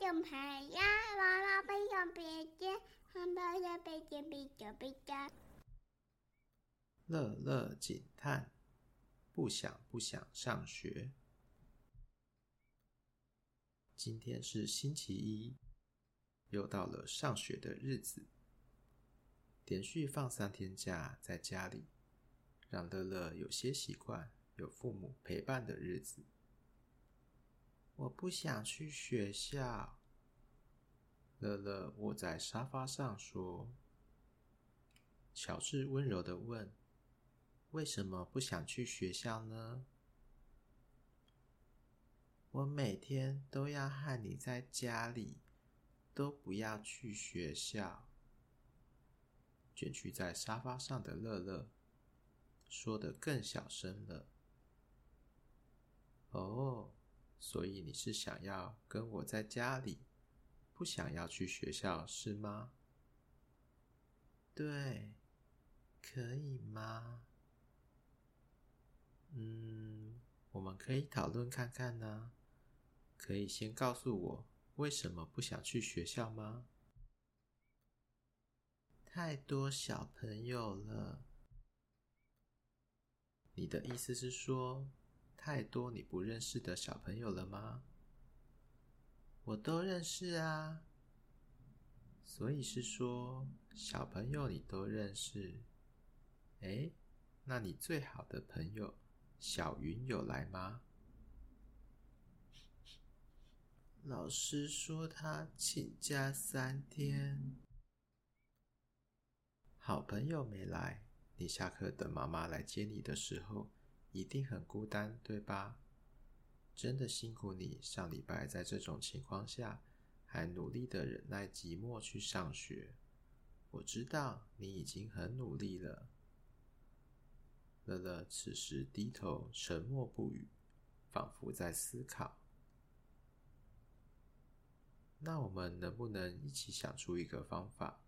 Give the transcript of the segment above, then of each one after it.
正拍呀，娃娃背上背肩，上班要背着背着背肩。樂樂警探，不想不想上學。今天是星期一，又到了上學的日子。連續放三天假在家裡，讓樂樂有些習慣有父母陪伴的日子。我不想去學校。樂樂窩在沙發上說：“喬治溫柔地問，為什麼不想去學校呢？我每天都要和你在家裡，都不要去學校。”卷曲在沙發上的樂樂說得更小聲了：“哦。”所以你是想要跟我在家裡，不想要去學校，是嗎？對，可以嗎？嗯，我們可以討論看看呢、啊。可以先告訴我為什麼不想去學校嗎？太多小朋友了。你的意思是說？太多你不認識的小朋友了嗎？我都認識啊，所以是說小朋友你都認識。哎、欸，那你最好的朋友小云有來嗎？老師說他請假三天，好朋友沒來。你下課等媽媽來接你的時候，一定很孤單，對吧？真的辛苦你，上禮拜在這種情況下還努力的忍耐寂寞去上學。我知道你已經很努力了。樂樂此時低頭沉默不語，仿佛在思考。那我們能不能一起想出一個方法，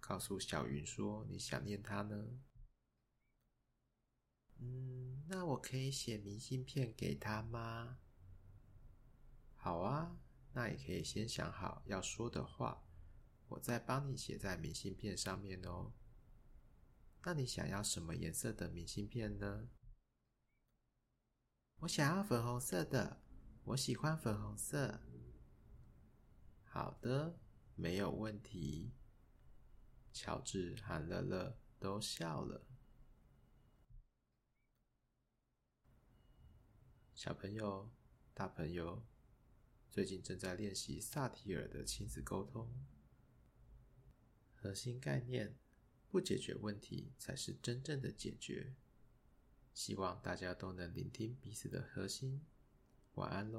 告訴小云說你想念他呢？嗯，那我可以寫明信片給他嗎？好啊，那也可以先想好要說的話，我再幫你寫在明信片上面哦。那你想要什麼顏色的明信片呢？我想要粉紅色的，我喜歡粉紅色。好的，沒有問題。喬治和樂樂都笑了。小朋友、大朋友，最近正在練習薩提爾的親子溝通。核心概念：不解決問題才是真正的解決。希望大家都能聆聽彼此的核心。晚安嘍。